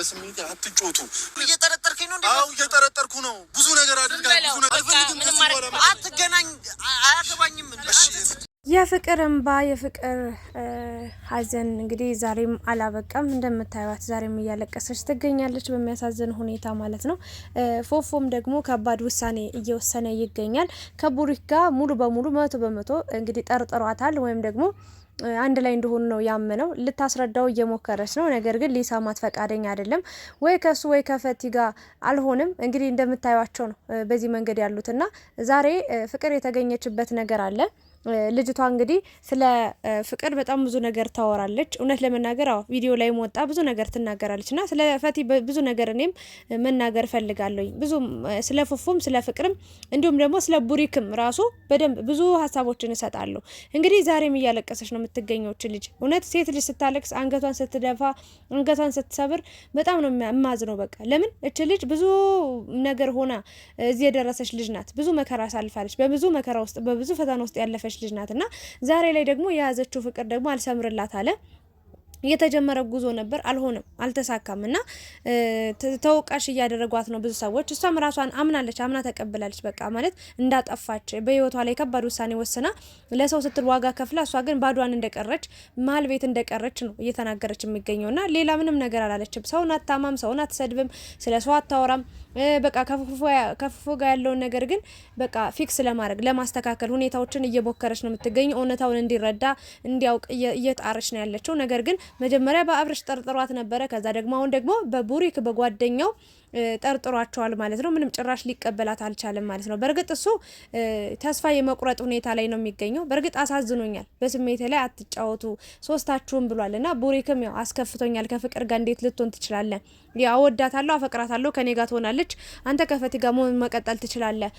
በስሜት አትጮቱ። እየጠረጠርክ ነው? እንዴ? አው እየጠረጠርኩ ነው። ብዙ ነገር አድርጋ ብዙ ነገር አትገናኝ አያገባኝም። የፍቅር እንባ የፍቅር ሐዘን እንግዲህ ዛሬም አላበቃም። እንደምታዩት ዛሬም እያለቀሰች ትገኛለች በሚያሳዝን ሁኔታ ማለት ነው። ፎፎም ደግሞ ከባድ ውሳኔ እየወሰነ ይገኛል። ከቡሪክ ጋር ሙሉ በሙሉ መቶ በመቶ እንግዲህ ጠርጥሯታል ወይም ደግሞ አንድ ላይ እንደሆኑ ነው ያመነው። ልታስረዳው እየሞከረች ነው፣ ነገር ግን ሊሰማት ፈቃደኛ አይደለም። ወይ ከሱ ወይ ከፈቲ ጋር አልሆንም። እንግዲህ እንደምታዩቸው ነው በዚህ መንገድ ያሉትና ዛሬ ፍቅር የተገኘችበት ነገር አለ ልጅቷ እንግዲህ ስለ ፍቅር በጣም ብዙ ነገር ታወራለች። እውነት ለመናገር አዎ ቪዲዮ ላይ ወጣ ብዙ ነገር ትናገራለች እና ስለ ፈቲ ብዙ ነገር እኔም መናገር ፈልጋለኝ ብዙ ስለ ፉፉም ስለ ፍቅርም እንዲሁም ደግሞ ስለ ቡሪክም ራሱ በደንብ ብዙ ሀሳቦችን እሰጣለሁ። እንግዲህ ዛሬም እያለቀሰች ነው የምትገኘች ልጅ። እውነት ሴት ልጅ ስታለቅስ፣ አንገቷን ስትደፋ፣ አንገቷን ስትሰብር በጣም ነው የማዝ ነው። በቃ ለምን እች ልጅ ብዙ ነገር ሆና እዚህ የደረሰች ልጅ ናት። ብዙ መከራ አሳልፋለች። በብዙ መከራ ውስጥ በብዙ ፈተና ውስጥ ያለፈች ያለፈች ልጅ ናት እና ዛሬ ላይ ደግሞ የያዘችው ፍቅር ደግሞ አልሰምርላት አለ። የተጀመረ ጉዞ ነበር፣ አልሆነም፣ አልተሳካም እና ተወቃሽ እያደረጓት ነው ብዙ ሰዎች። እሷም ራሷን አምናለች፣ አምና ተቀብላለች። በቃ ማለት እንዳጠፋች በህይወቷ ላይ ከባድ ውሳኔ ወስና ለሰው ስትል ዋጋ ከፍላ፣ እሷ ግን ባዷን እንደቀረች መሀል ቤት እንደቀረች ነው እየተናገረች የሚገኘው እና ሌላ ምንም ነገር አላለችም። ሰውን አታማም፣ ሰውን አትሰድብም፣ ስለ ሰው አታወራም። በቃ ከፉፉ ጋር ያለውን ነገር ግን በቃ ፊክስ ለማድረግ ለማስተካከል ሁኔታዎችን እየሞከረች ነው የምትገኝ። እውነታውን እንዲረዳ እንዲያውቅ እየጣረች ነው ያለችው። ነገር ግን መጀመሪያ በአብርሽ ጠርጥሯት ነበረ። ከዛ ደግሞ አሁን ደግሞ በቡሪክ በጓደኛው ጠርጥሯቸዋል ማለት ነው። ምንም ጭራሽ ሊቀበላት አልቻለም ማለት ነው። በእርግጥ እሱ ተስፋ የመቁረጥ ሁኔታ ላይ ነው የሚገኘው። በእርግጥ አሳዝኖኛል። በስሜት ላይ አትጫወቱ ሶስታችሁም ብሏል እና ቡሪክም ያው አስከፍቶኛል። ከፍቅር ጋር እንዴት ልትሆን ትችላለን? ያው እወዳታለሁ፣ አፈቅራታለሁ፣ ከኔ ጋር ትችላለች፣ አንተ ከፈቲ ጋር መሆን መቀጠል ትችላለህ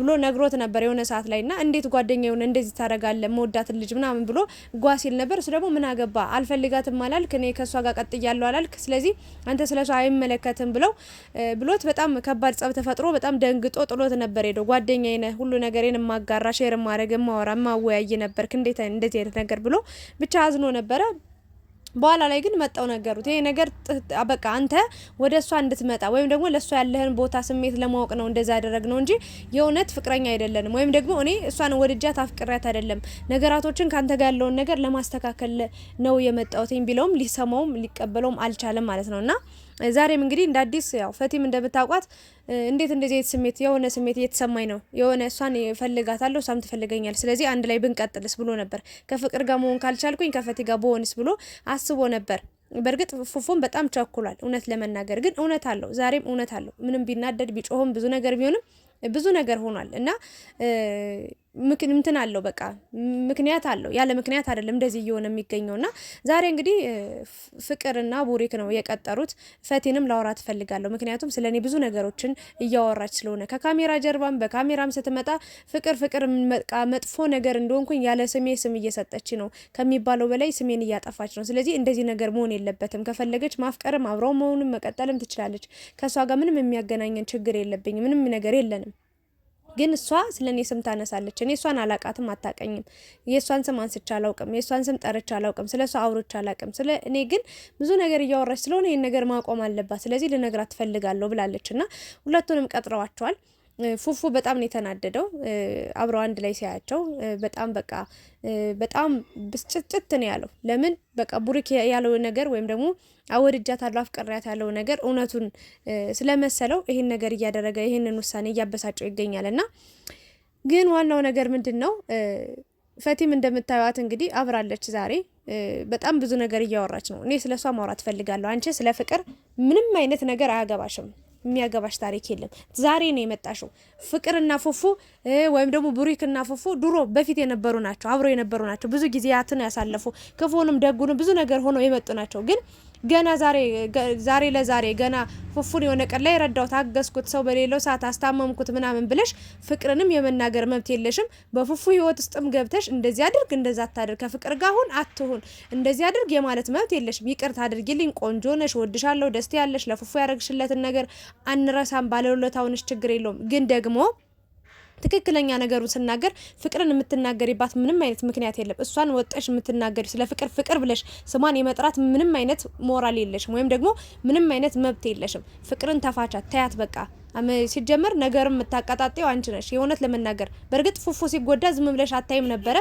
ብሎ ነግሮት ነበር የሆነ ሰዓት ላይ እና እንዴት ጓደኛ የሆነ እንደዚህ ታደርጋለህ መወዳት ልጅ ምናምን ብሎ ጓ ሲል ነበር። እሱ ደግሞ ምን አገባ አልፈልጋትም አላልክ፣ እኔ ከእሷ ጋር ቀጥያለሁ አላልክ፣ ስለዚህ አንተ ስለ እሷ አይመለከትም ብለው ብሎት በጣም ከባድ ጸብ ተፈጥሮ በጣም ደንግጦ ጥሎት ነበር ሄደው። ጓደኛዬ ነህ፣ ሁሉ ነገሬን የማጋራ ሼር ማድረግ የማወራ የማወያይ ነበርክ፣ እንዴት እንደዚህ አይነት ነገር ብሎ ብቻ አዝኖ ነበረ። በኋላ ላይ ግን መጣው ነገሩት። ይሄ ነገር በቃ አንተ ወደ እሷ እንድትመጣ ወይም ደግሞ ለእሷ ያለህን ቦታ ስሜት ለማወቅ ነው እንደዛ ያደረግ ነው እንጂ የእውነት ፍቅረኛ አይደለንም፣ ወይም ደግሞ እኔ እሷን ወድጃት አፍቅሬያት አይደለም፣ ነገራቶችን ከአንተ ጋር ያለውን ነገር ለማስተካከል ነው የመጣሁት ቢለውም ሊሰማውም ሊቀበለውም አልቻለም ማለት ነውና ዛሬም እንግዲህ እንደ አዲስ ያው ፈቲም እንደምታውቋት እንዴት እንደዚህ አይነት ስሜት የሆነ ስሜት እየተሰማኝ ነው፣ የሆነ እሷን እፈልጋታለሁ፣ እሷም ትፈልገኛል፣ ስለዚህ አንድ ላይ ብንቀጥልስ ብሎ ነበር። ከፍቅር ጋር መሆን ካልቻልኩኝ ከፈቲ ጋር በሆንስ ብሎ አስቦ ነበር። በእርግጥ ፉፉን በጣም ቸኩሏል። እውነት ለመናገር ግን እውነት አለው፣ ዛሬም እውነት አለው። ምንም ቢናደድ ቢጮህም ብዙ ነገር ቢሆንም ብዙ ነገር ሆኗል እና ምክንምትን አለው በቃ ምክንያት አለው። ያለ ምክንያት አይደለም እንደዚህ እየሆነ የሚገኘው እና ዛሬ እንግዲህ ፍቅርና ቡሪክ ነው የቀጠሩት። ፈቲንም ላውራ እፈልጋለሁ፣ ምክንያቱም ስለ እኔ ብዙ ነገሮችን እያወራች ስለሆነ ከካሜራ ጀርባም በካሜራም ስትመጣ ፍቅር ፍቅር መጥፎ ነገር እንደሆንኩኝ ያለ ስሜ ስም እየሰጠች ነው ከሚባለው በላይ ስሜን እያጠፋች ነው። ስለዚህ እንደዚህ ነገር መሆን የለበትም። ከፈለገች ማፍቀርም አብረው መሆኑን መቀጠልም ትችላለች። ከእሷ ጋር ምንም የሚያገናኘን ችግር የለብኝ፣ ምንም ነገር የለንም። ግን እሷ ስለ እኔ ስም ታነሳለች። እኔ እሷን አላቃትም፣ አታቀኝም። የእሷን ስም አንስቻ አላውቅም። የእሷን ስም ጠርቻ አላውቅም። ስለ እሷ አውሮች አላውቅም። ስለ እኔ ግን ብዙ ነገር እያወራች ስለሆነ ይህን ነገር ማቆም አለባት፣ ስለዚህ ልነግራት ትፈልጋለሁ ብላለች እና ሁለቱንም ቀጥረዋቸዋል። ፉፉ በጣም ነው የተናደደው። አብረው አንድ ላይ ሲያያቸው በጣም በቃ በጣም ብስጭጭት ነው ያለው። ለምን በቃ ቡሪክ ያለው ነገር ወይም ደግሞ አወድጃታለሁ አፍቅሬያት ያለው ነገር እውነቱን ስለመሰለው ይህን ነገር እያደረገ ይህንን ውሳኔ እያበሳጨው ይገኛል። እና ግን ዋናው ነገር ምንድን ነው ፈቲም እንደምታዩት እንግዲህ አብራለች። ዛሬ በጣም ብዙ ነገር እያወራች ነው። እኔ ስለ እሷ ማውራት ፈልጋለሁ። አንቺ ስለ ፍቅር ምንም አይነት ነገር አያገባሽም የሚያገባሽ ታሪክ የለም። ዛሬ ነው የመጣሽው። ፍቅርና ፉፉ ወይም ደግሞ ብሩክና ፉፉ ድሮ በፊት የነበሩ ናቸው፣ አብሮ የነበሩ ናቸው። ብዙ ጊዜያትን ያሳለፉ ክፉንም ደጉንም ብዙ ነገር ሆኖ የመጡ ናቸው ግን ገና ዛሬ ዛሬ ለዛሬ ገና ፉፉን የሆነ ቀን ላይ ረዳው ታገዝኩት፣ ሰው በሌለው ሰዓት አስታመምኩት ምናምን ብለሽ ፍቅርንም የመናገር መብት የለሽም። በፉፉ ህይወት ውስጥም ገብተሽ እንደዚህ አድርግ እንደዛ አታድርግ፣ ከፍቅር ጋር አሁን አትሁን፣ እንደዚህ አድርግ የማለት መብት የለሽም። ይቅርታ አድርጊልኝ፣ ቆንጆ ነሽ፣ ወድሻለሁ፣ ደስቴ ያለሽ ለፉፉ ያደረግሽለትን ነገር አንረሳም፣ ባለውለታውንሽ ችግር የለውም ግን ደግሞ ትክክለኛ ነገሩን ስናገር ፍቅርን የምትናገሪባት ምንም አይነት ምክንያት የለም። እሷን ወጠሽ የምትናገሪ ስለ ፍቅር ፍቅር ብለሽ ስሟን የመጥራት ምንም አይነት ሞራል የለሽም፣ ወይም ደግሞ ምንም አይነት መብት የለሽም። ፍቅርን ተፋቻት፣ ተያት በቃ ሲጀመር ነገርም የምታቀጣጠው አንቺ ነሽ። የእውነት ለመናገር በእርግጥ ፉፉ ሲጎዳ ዝም ብለሽ አታይም ነበረ።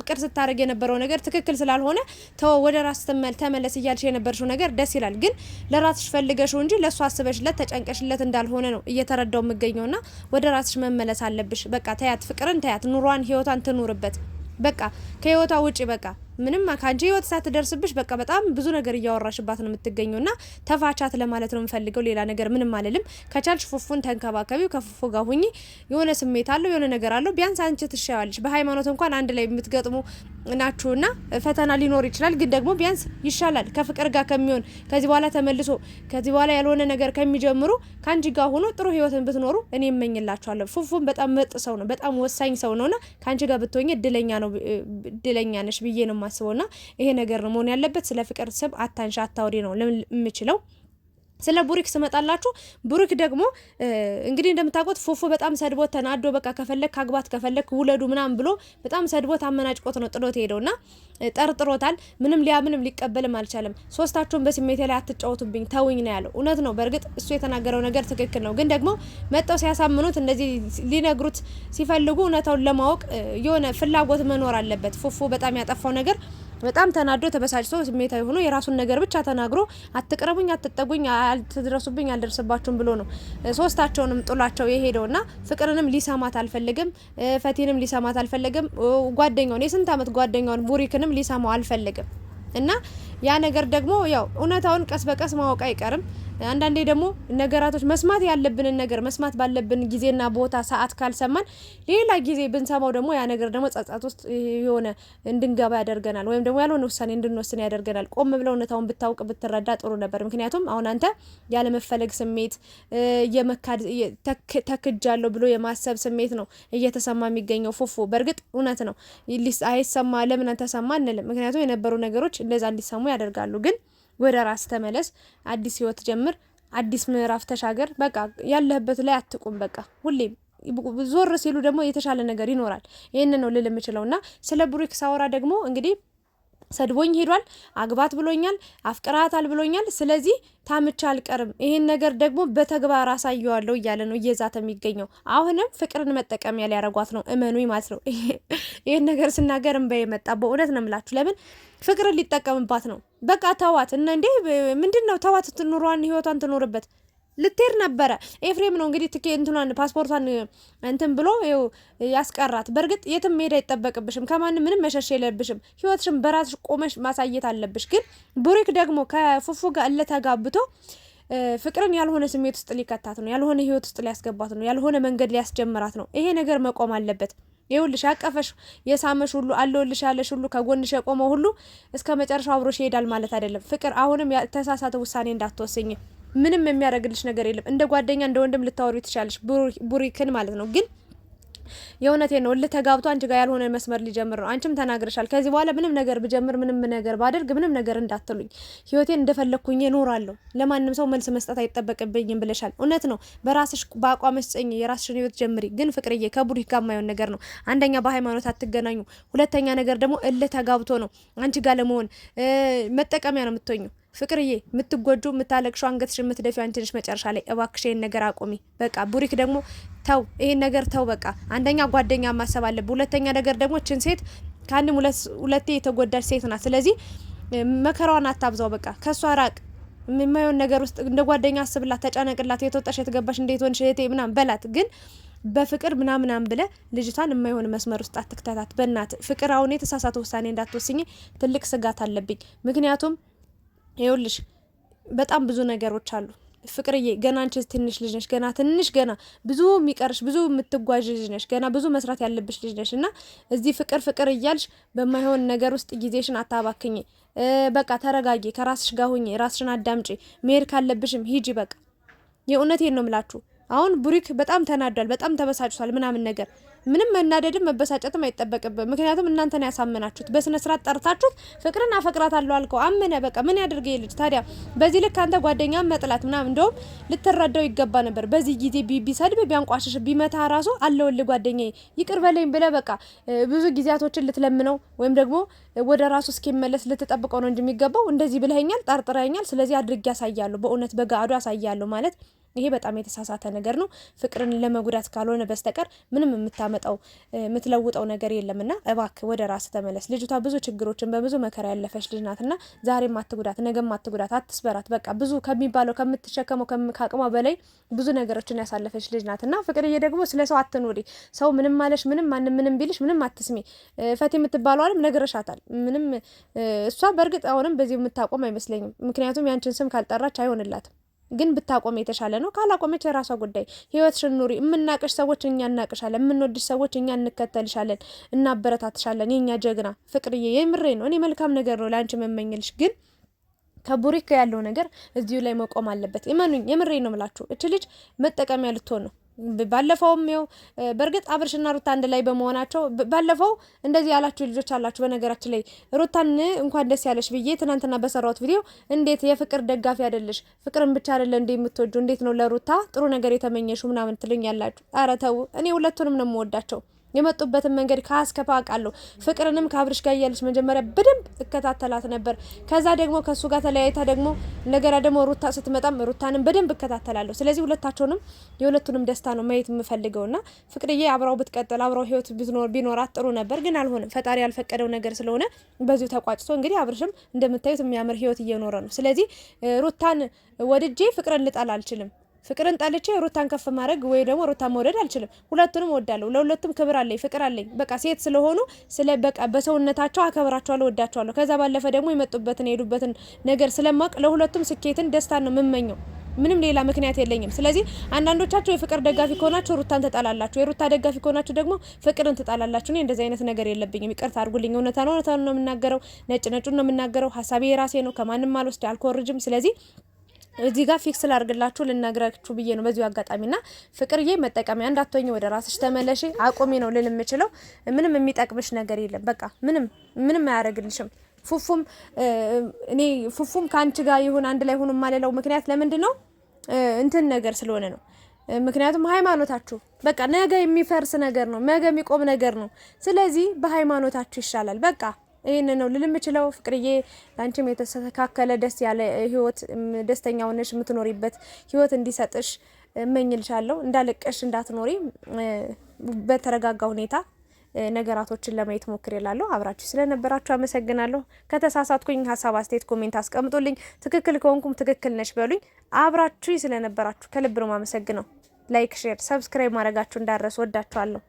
ፍቅር ስታደርግ የነበረው ነገር ትክክል ስላልሆነ ተወ ወደ ራስ ተመለስ እያልሽ የነበርሽው ነገር ደስ ይላል፣ ግን ለራስሽ ፈልገሽው እንጂ ለእሱ አስበሽለት ተጨንቀሽለት እንዳልሆነ ነው እየተረዳው የምገኘውና ወደ ራስሽ መመለስ አለብሽ። በቃ ተያት፣ ፍቅርን ተያት፣ ኑሯን ህይወቷን ትኑርበት። በቃ ከህይወቷ ውጪ በቃ ምንም ከአንቺ ህይወት ሳትደርስብሽ በቃ በጣም ብዙ ነገር እያወራሽባት ነው የምትገኘው። ና ተፋቻት ለማለት ነው የምፈልገው። ሌላ ነገር ምንም አልልም። ከቻልሽ ፉፉን ተንከባከቢው። ከፉፉ ጋር ሁኚ። የሆነ ስሜት አለው፣ የሆነ ነገር አለው። ቢያንስ አንቺ ትሻያለሽ። በሃይማኖት እንኳን አንድ ላይ የምትገጥሙ ናችሁና ፈተና ሊኖር ይችላል። ግን ደግሞ ቢያንስ ይሻላል ከፍቅር ጋር ከሚሆን ከዚህ በኋላ ተመልሶ ከዚህ በኋላ ያልሆነ ነገር ከሚጀምሩ ከአንቺ ጋር ሆኖ ጥሩ ህይወትን ብትኖሩ እኔ እመኝላችኋለሁ። ፉፉን በጣም መጥ ሰው ነው፣ በጣም ወሳኝ ሰው ነውና ከአንቺ ጋር ብትሆኝ እድለኛ ነው እድለኛ ነሽ ብዬ ነው የማስበውና ይሄ ነገር ነው መሆን ያለበት። ስለ ፍቅር ስም አታንሻ አታውሪ ነው የምችለው ስለ ቡሪክ ስመጣላችሁ ቡሪክ ደግሞ እንግዲህ እንደምታውቁት ፎፎ በጣም ሰድቦት ተናዶ በቃ ከፈለክ አግባት ከፈለክ ውለዱ ምናምን ብሎ በጣም ሰድቦት አመናጭቆት ነው ጥሎት ሄደውና ጠርጥሮታል። ምንም ሊያ ምንም ሊቀበልም አልቻለም። ሶስታችሁን በስሜቴ ላይ አትጫወቱብኝ ተውኝ ነው ያለው። እውነት ነው። በእርግጥ እሱ የተናገረው ነገር ትክክል ነው። ግን ደግሞ መጠው ሲያሳምኑት እንደዚህ ሊነግሩት ሲፈልጉ እውነታውን ለማወቅ የሆነ ፍላጎት መኖር አለበት። ፎፎ በጣም ያጠፋው ነገር በጣም ተናዶ ተበሳጭቶ ስሜታዊ ሆኖ የራሱን ነገር ብቻ ተናግሮ አትቅረቡኝ፣ አትጠጉኝ፣ አልትድረሱብኝ፣ አልደርስባችሁም ብሎ ነው ሶስታቸውንም ጥሏቸው የሄደውና ፍቅርንም ሊሰማት አልፈልግም፣ ፈቲንም ሊሰማት አልፈልግም፣ ጓደኛውን የስንት ዓመት ጓደኛውን ቡሪክንም ሊሰማው አልፈለግም። እና ያ ነገር ደግሞ ያው እውነታውን ቀስ በቀስ ማወቅ አይቀርም። አንዳንዴ ደግሞ ነገራቶች መስማት ያለብንን ነገር መስማት ባለብን ጊዜና ቦታ ሰዓት ካልሰማን ሌላ ጊዜ ብንሰማው ደግሞ ያ ነገር ደግሞ ጸጸት ውስጥ የሆነ እንድንገባ ያደርገናል፣ ወይም ደግሞ ያልሆነ ውሳኔ እንድንወስን ያደርገናል። ቆም ብለው እውነታውን ብታውቅ ብትረዳ ጥሩ ነበር። ምክንያቱም አሁን አንተ ያለመፈለግ ስሜት የመካድ ተክጃለሁ ብሎ የማሰብ ስሜት ነው እየተሰማ የሚገኘው ፉፉ በእርግጥ እውነት ነው አይሰማ ለምን ተሰማ አንልም፣ ምክንያቱም የነበሩ ነገሮች እንደዛ እንዲሰሙ ያደርጋሉ ግን ወደ ራስ ተመለስ፣ አዲስ ህይወት ጀምር፣ አዲስ ምዕራፍ ተሻገር። በቃ ያለህበት ላይ አትቁም። በቃ ሁሌም ዞር ሲሉ ደግሞ የተሻለ ነገር ይኖራል። ይህንን ነው ልል የምችለው እና ስለ ብሩክ ሳወራ ደግሞ እንግዲህ ሰድቦኝ ሄዷል። አግባት ብሎኛል። አፍቅራታል ብሎኛል። ስለዚህ ታምቻ አልቀርም፣ ይሄን ነገር ደግሞ በተግባር አሳየዋለሁ እያለ ነው እየዛተ የሚገኘው። አሁንም ፍቅርን መጠቀሚያ ሊያረጓት ነው። እመኑኝ ማለት ነው። ይሄን ነገር ስናገር እንባ የመጣ በእውነት ነው የምላችሁ። ለምን ፍቅርን ሊጠቀምባት ነው። በቃ ተዋት እና እንዴ ምንድን ነው ተዋት፣ ትኑሯን ህይወቷን ትኖርበት ልትሄድ ነበረ። ኤፍሬም ነው እንግዲህ ትኬ እንትኗን ፓስፖርቷን እንትን ብሎ ይኸው ያስቀራት። በእርግጥ የትም መሄድ አይጠበቅብሽም፣ ከማንም ምንም መሸሽ የለብሽም። ህይወትሽም በራስሽ ቆመሽ ማሳየት አለብሽ። ግን ቡሪክ ደግሞ ከፉፉ ጋር እለተጋብቶ ፍቅርን ያልሆነ ስሜት ውስጥ ሊከታት ነው፣ ያልሆነ ህይወት ውስጥ ሊያስገባት ነው፣ ያልሆነ መንገድ ሊያስጀምራት ነው። ይሄ ነገር መቆም አለበት። ይኸውልሽ ያቀፈሽ የሳመሽ ሁሉ አለውልሽ ያለሽ ሁሉ ከጎንሽ የቆመው ሁሉ እስከ መጨረሻው አብሮሽ ይሄዳል ማለት አይደለም። ፍቅር አሁንም ተሳሳተ ውሳኔ እንዳትወስኝ ምንም የሚያደርግልሽ ነገር የለም። እንደ ጓደኛ እንደ ወንድም ልታወሩ ትችላለሽ፣ ቡሪክን ማለት ነው ግን የእውነቴ ነው። ልተጋብቶ አንቺ ጋር ያልሆነ መስመር ሊጀምር ነው። አንቺም ተናግረሻል። ከዚህ በኋላ ምንም ነገር ብጀምር፣ ምንም ነገር ባደርግ፣ ምንም ነገር እንዳትሉኝ፣ ህይወቴን እንደፈለግኩኝ እኖራለሁ፣ ለማንም ሰው መልስ መስጠት አይጠበቅብኝም ብለሻል። እውነት ነው። በራስሽ በአቋም ጽኚ፣ የራስሽን ህይወት ጀምሪ። ግን ፍቅርዬ ከቡሪክ ጋር የማይሆን ነገር ነው። አንደኛ በሃይማኖት አትገናኙ፣ ሁለተኛ ነገር ደግሞ እልተጋብቶ ነው አንቺ ጋር ለመሆን መጠቀሚያ ነው የምትሆኙ። ፍቅርዬ የምትጎጁ የምታለቅሹ አንገትሽ የምትደፊ አንችንሽ መጨረሻ ላይ እባክሽ ይህን ነገር አቁሚ በቃ። ቡሪክ ደግሞ ተው ይህን ነገር ተው በቃ። አንደኛ ጓደኛ ማሰብ አለብ፣ ሁለተኛ ነገር ደግሞ ችን ሴት ከአንድም ሁለቴ የተጎዳች ሴት ናት። ስለዚህ መከራዋን አታብዛው በቃ ከእሷ ራቅ። የማየውን ነገር ውስጥ እንደ ጓደኛ አስብላት፣ ተጨነቅላት። የተወጣሽ የተገባሽ እንዴት ሆንሽ እህቴ ምናምን በላት ግን በፍቅር ምናምናም ብለ ልጅቷን የማይሆን መስመር ውስጥ አትክተታት። በእናት ፍቅር አሁን የተሳሳተ ውሳኔ እንዳትወስኝ ትልቅ ስጋት አለብኝ። ምክንያቱም ይኸውልሽ በጣም ብዙ ነገሮች አሉ ፍቅርዬ። ገና አንቺ ትንሽ ልጅ ነሽ። ገና ትንሽ ገና ብዙ የሚቀርሽ ብዙ የምትጓዥ ልጅ ነሽ። ገና ብዙ መስራት ያለብሽ ልጅ ነሽ እና እዚህ ፍቅር ፍቅር እያልሽ በማይሆን ነገር ውስጥ ጊዜሽን አታባክኝ። በቃ ተረጋጊ፣ ከራስሽ ጋር ሁኚ፣ ራስሽን አዳምጪ። መሄድ ካለብሽም ሂጂ። በቃ የእውነቴን ነው የምላችሁ። አሁን ቡሪክ በጣም ተናዷል፣ በጣም ተበሳጭቷል ምናምን ነገር ምንም መናደድም መበሳጨትም አይጠበቅብም። ምክንያቱም እናንተ ነው ያሳመናችሁት በስነ ስርዓት ጠርታችሁት ፍቅርን አፈቅራታለሁ አልከው አመነ። በቃ ምን ያደርገ ልጅ ታዲያ በዚህ ልክ አንተ ጓደኛ መጥላት ምናም እንደውም ልትረዳው ይገባ ነበር። በዚህ ጊዜ ቢሰድብ ቢያንቋሽሽ ቢመታ ራሱ አለውል ጓደኛዬ ይቅር በለኝ ብለህ በቃ ብዙ ጊዜያቶችን ልትለምነው ወይም ደግሞ ወደ ራሱ እስኪመለስ ልትጠብቀው ነው እንጂ የሚገባው እንደዚህ ብለኸኛል፣ ጠርጥረኛል፣ ስለዚህ አድርጌ ያሳያለሁ፣ በእውነት በጋዶ ያሳያለሁ ማለት ይሄ በጣም የተሳሳተ ነገር ነው። ፍቅርን ለመጉዳት ካልሆነ በስተቀር ምንም የምታመጣው የምትለውጠው ነገር የለምና እባክህ ወደ ራስ ተመለስ። ልጅቷ ብዙ ችግሮችን በብዙ መከራ ያለፈች ልጅ ናትና ዛሬም አትጉዳት፣ ነገም አትጉዳት፣ አትስበራት። በቃ ብዙ ከሚባለው ከምትሸከመው ከአቅሟ በላይ ብዙ ነገሮችን ያሳለፈች ልጅ ናትና ፍቅርዬ ደግሞ ስለ ሰው አትኖሪ። ሰው ምንም ማለሽ ምንም ማንም ምንም ቢልሽ ምንም አትስሜ። ፈት የምትባለው አለም ነገረሻታል። ምንም እሷ በእርግጥ አሁንም በዚህ የምታቆም አይመስለኝም። ምክንያቱም ያንችን ስም ካልጠራች አይሆንላትም። ግን ብታቆም የተሻለ ነው። ካላቆመች የራሷ ጉዳይ፣ ህይወትሽን ኑሪ። የምናቅሽ ሰዎች እኛ እናቅሻለን፣ የምንወድሽ ሰዎች እኛ እንከተልሻለን፣ እናበረታትሻለን። የእኛ ጀግና ፍቅርዬ፣ የምሬ ነው። እኔ መልካም ነገር ነው ለአንቺ መመኘልሽ ግን ከቡሪክ ያለው ነገር እዚሁ ላይ መቆም አለበት። እመኑኝ፣ የምሬ ነው ምላችሁ። እች ልጅ መጠቀሚያ ልትሆን ነው። ባለፈውም ው በእርግጥ አብርሽና ሩታ አንድ ላይ በመሆናቸው ባለፈው እንደዚህ ያላችሁ ልጆች አላችሁ። በነገራችን ላይ ሩታን እንኳን ደስ ያለሽ ብዬ ትናንትና በሰራሁት ቪዲዮ እንዴት የፍቅር ደጋፊ አይደለሽ ፍቅርን ብቻ አይደለ እንደ የምትወጁ እንዴት ነው ለሩታ ጥሩ ነገር የተመኘሹ ምናምን ትልኝ ያላችሁ። ኧረ ተው፣ እኔ ሁለቱንም ነው የምወዳቸው። የመጡበትን መንገድ ከአስከፋ አውቃለሁ። ፍቅርንም ከአብርሽ ጋር እያለች መጀመሪያ በደንብ እከታተላት ነበር። ከዛ ደግሞ ከእሱ ጋር ተለያይታ ደግሞ እንደገና ደግሞ ሩታ ስትመጣም ሩታንም በደንብ እከታተላለሁ። ስለዚህ ሁለታቸውንም የሁለቱንም ደስታ ነው ማየት የምፈልገውና ፍቅርዬ አብራው ብትቀጥል አብራው ህይወት ቢኖራት ጥሩ ነበር፣ ግን አልሆነም። ፈጣሪ ያልፈቀደው ነገር ስለሆነ በዚሁ ተቋጭቶ እንግዲህ አብርሽም እንደምታዩት የሚያምር ህይወት እየኖረ ነው። ስለዚህ ሩታን ወድጄ ፍቅርን ልጠላ አልችልም። ፍቅርን ጠልቼ ሩታን ከፍ ማድረግ ወይ ደግሞ ሩታን መውደድ አልችልም። ሁለቱንም ወዳለሁ፣ ለሁለቱም ክብር አለኝ፣ ፍቅር አለኝ። በቃ ሴት ስለሆኑ ስለ በቃ በሰውነታቸው አከብራቸዋለሁ፣ ወዳቸዋለሁ። ከዛ ባለፈ ደግሞ የመጡበትን የሄዱበትን ነገር ስለማቅ ለሁለቱም ስኬትን ደስታን ነው የምመኘው። ምንም ሌላ ምክንያት የለኝም። ስለዚህ አንዳንዶቻችሁ የፍቅር ደጋፊ ከሆናችሁ ሩታን ትጣላላችሁ፣ የሩታ ደጋፊ ከሆናችሁ ደግሞ ፍቅርን ትጣላላችሁ። እኔ እንደዚህ አይነት ነገር የለብኝም። ይቅርታ አድርጉልኝ። እውነታ ነው፣ እውነታ ነው የምናገረው። ነጭ ነጩን ነው የምናገረው። ሀሳቤ የራሴ ነው። ከማንም አልወስድ አልኮርጅም። ስለዚህ እዚህ ጋር ፊክስ ላርግላችሁ ልነግራችሁ ብዬ ነው በዚሁ አጋጣሚና ፍቅርዬ መጠቀሚያ እንዳትሆኝ ወደ ራስሽ ተመለሽ አቁሚ ነው ልል የምችለው ምንም የሚጠቅምሽ ነገር የለም በቃ ምንም ምንም አያደርግልሽም ፉፉም እኔ ፉፉም ከአንቺ ጋር ይሁን አንድ ላይ ሁኑ ማለለው ምክንያት ለምንድን ነው እንትን ነገር ስለሆነ ነው ምክንያቱም ሃይማኖታችሁ በቃ ነገ የሚፈርስ ነገር ነው ነገ የሚቆም ነገር ነው ስለዚህ በሃይማኖታችሁ ይሻላል በቃ ይህን ነው ልል የምችለው። ፍቅርዬ ለአንቺም የተስተካከለ ደስ ያለ ህይወት ደስተኛ ሆነሽ የምትኖሪበት ህይወት እንዲሰጥሽ እመኝልሻለሁ። እንዳለቀሽ እንዳትኖሪ በተረጋጋ ሁኔታ ነገራቶችን ለማየት ሞክር ይላለሁ። አብራችሁ ስለነበራችሁ አመሰግናለሁ። ከተሳሳትኩኝ ሀሳብ አስተያየት፣ ኮሜንት አስቀምጡልኝ። ትክክል ከሆንኩም ትክክል ነሽ በሉኝ። አብራችሁ ስለነበራችሁ ከልብ ነው አመሰግነው። ላይክ፣ ሼር፣ ሰብስክራይብ ማድረጋችሁ እንዳረሱ ወዳችኋለሁ።